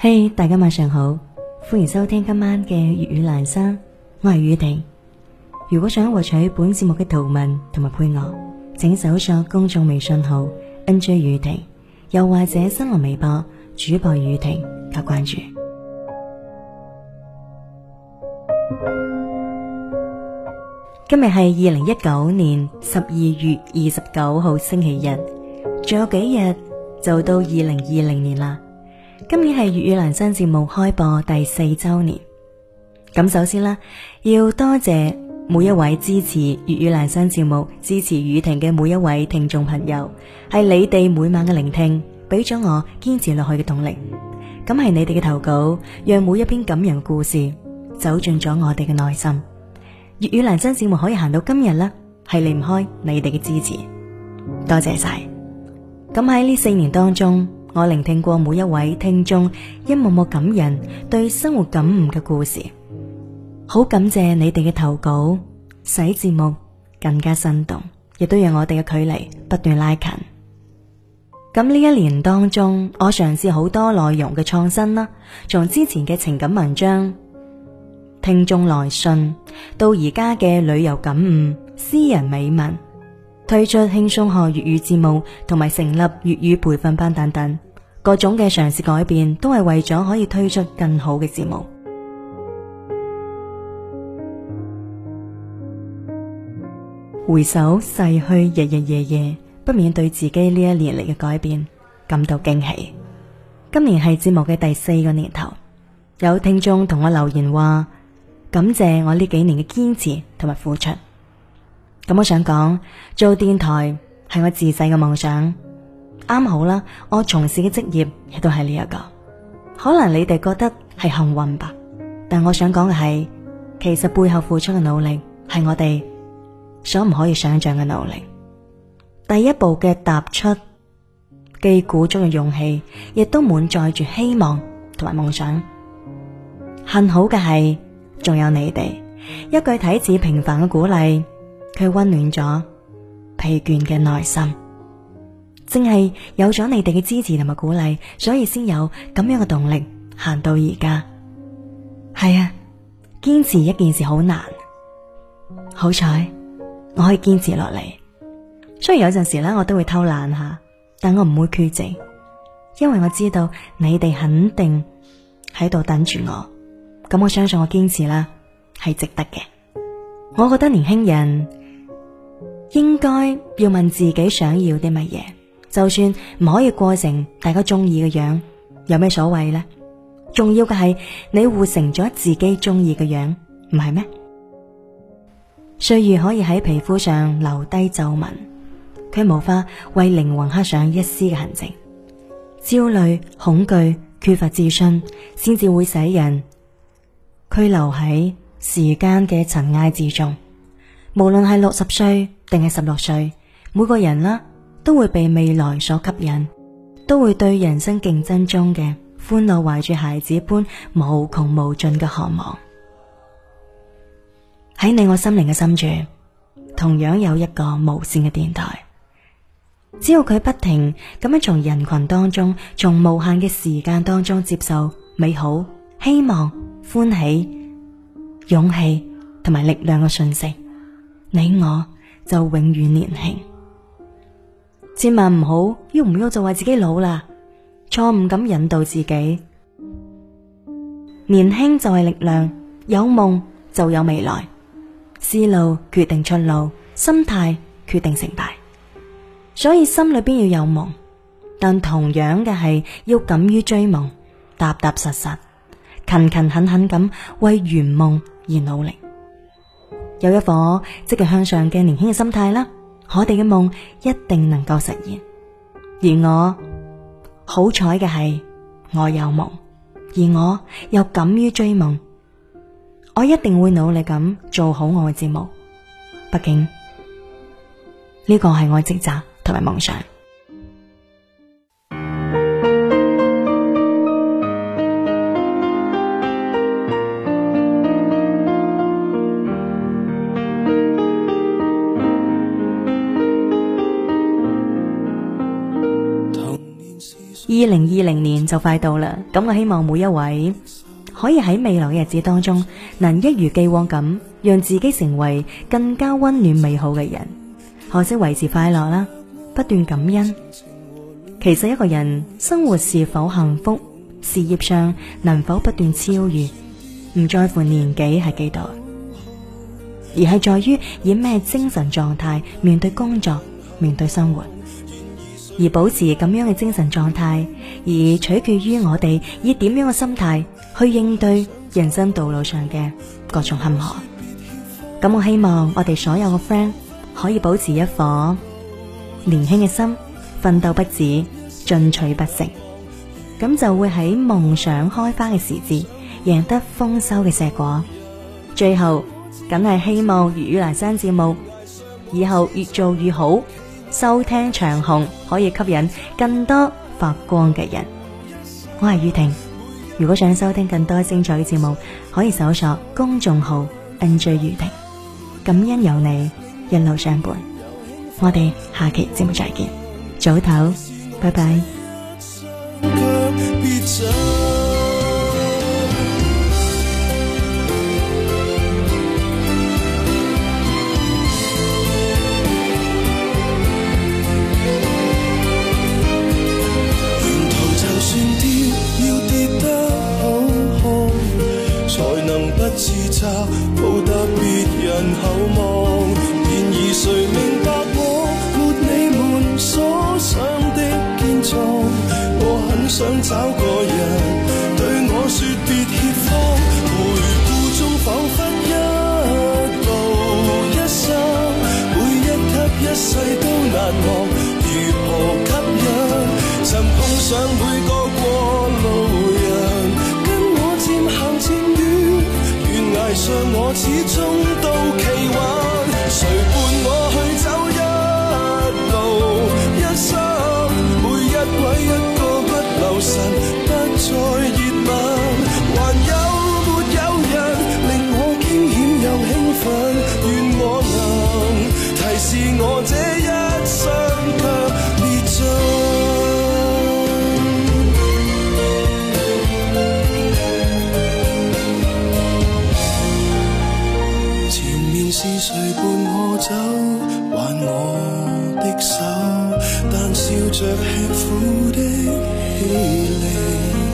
嘿，hey, 大家晚上好，歡迎收聽今晚嘅粵語闌珊，我係雨婷。如果想獲取本節目嘅圖文同埋配樂，請搜索公眾微信號 nj 雨婷，又或者新浪微博主播雨婷加關注。今日係二零一九年十二月二十九號星期日，仲有幾日就到二零二零年啦。今年係粵語闌珊節目開播第四周年，咁首先啦，要多謝每一位支持粵語闌珊節目、支持雨婷嘅每一位聽眾朋友，係你哋每晚嘅聆聽，俾咗我堅持落去嘅動力。咁係你哋嘅投稿，讓每一篇感人故事走進咗我哋嘅內心。粵語闌珊節目可以行到今日啦，係離唔開你哋嘅支持，多謝晒。咁喺呢四年當中，我聆聽過每一位聽眾一幕幕感人對生活感悟嘅故事，好感謝你哋嘅投稿，使節目更加生動，亦都讓我哋嘅距離不斷拉近。咁呢一年當中，我嘗試好多內容嘅創新啦，從之前嘅情感文章、聽眾來信，到而家嘅旅遊感悟、私人美文。推出輕鬆學粵語節目，同埋成立粵語培訓班等等，各種嘅嘗試改變，都係為咗可以推出更好嘅節目。回首逝去日日夜夜，不免對自己呢一年嚟嘅改變感到驚喜。今年係節目嘅第四個年頭，有聽眾同我留言話，感謝我呢幾年嘅堅持同埋付出。咁我想講，做電台係我自細嘅夢想，啱好啦。我從事嘅職業亦都係呢一個，可能你哋覺得係幸運吧。但我想講嘅係，其實背後付出嘅努力係我哋所唔可以想象嘅努力。第一步嘅踏出，既鼓足嘅勇氣，亦都滿載住希望同埋夢想。幸好嘅係，仲有你哋一句睇似平凡嘅鼓勵。佢温暖咗疲倦嘅內心，正係有咗你哋嘅支持同埋鼓勵，所以先有咁樣嘅動力行到而家。係啊，堅持一件事好難，好彩我可以堅持落嚟。雖然有陣時咧我都會偷懶下，但我唔會缺席，因為我知道你哋肯定喺度等住我。咁我相信我堅持啦係值得嘅。我覺得年輕人。應該要問自己想要啲乜嘢，就算唔可以過成大家中意嘅樣，有咩所謂呢？重要嘅係你活成咗自己中意嘅樣，唔係咩？歲月可以喺皮膚上留低皺紋，佢無法為靈魂刻上一絲嘅痕跡。焦慮、恐懼、缺乏自信，先至會使人拘留喺時間嘅塵埃之中。無論係六十歲。定係十六歲，每個人啦都會被未來所吸引，都會對人生競爭中嘅歡樂懷住孩子般無窮無盡嘅渴望。喺你我心靈嘅深處，同樣有一個無線嘅電台，只要佢不停咁樣從人群當中，從無限嘅時間當中接受美好、希望、歡喜、勇氣同埋力量嘅訊息，你我就永遠年輕，千萬唔好，郁唔郁就話自己老啦，錯誤咁引導自己。年輕就係力量，有夢就有未來。思路決定出路，心態決定成敗。所以心裏邊要有夢，但同樣嘅係要敢於追夢，踏踏實實、勤勤懇懇咁為圓夢而努力。有一顆積極向上嘅年輕嘅心態啦，我哋嘅夢一定能夠實現。而我好彩嘅係，我有夢，而我又敢於追夢，我一定會努力咁做好我嘅節目，畢竟呢個係我嘅職責同埋夢想。二零二零年就快到啦，咁我希望每一位可以喺未來嘅日子當中，能一如既往咁，讓自己成為更加溫暖美好嘅人，學識維持快樂啦，不斷感恩。其實一個人生活是否幸福，事業上能否不斷超越，唔在乎年紀係幾多，而係在於以咩精神狀態面對工作，面對生活。而保持咁樣嘅精神狀態，而取決於我哋以點樣嘅心態去應對人生道路上嘅各種坎坷。咁我希望我哋所有嘅 friend 可以保持一顆年輕嘅心，奮鬥不止，進取不息，咁就會喺夢想開花嘅時節，贏得豐收嘅碩果。最後，梗係希望粵語闌珊節目以後越做越好。收聽長虹可以吸引更多發光嘅人，我係雨婷。如果想收聽更多精彩嘅節目，可以搜索公眾號 NJ 雨婷。感恩有你一路相伴，我哋下期節目再見，早唞，拜拜。想找個人。是我這一生卻跌進，前面是誰伴我走，挽我的手，但笑着吃苦的氣力。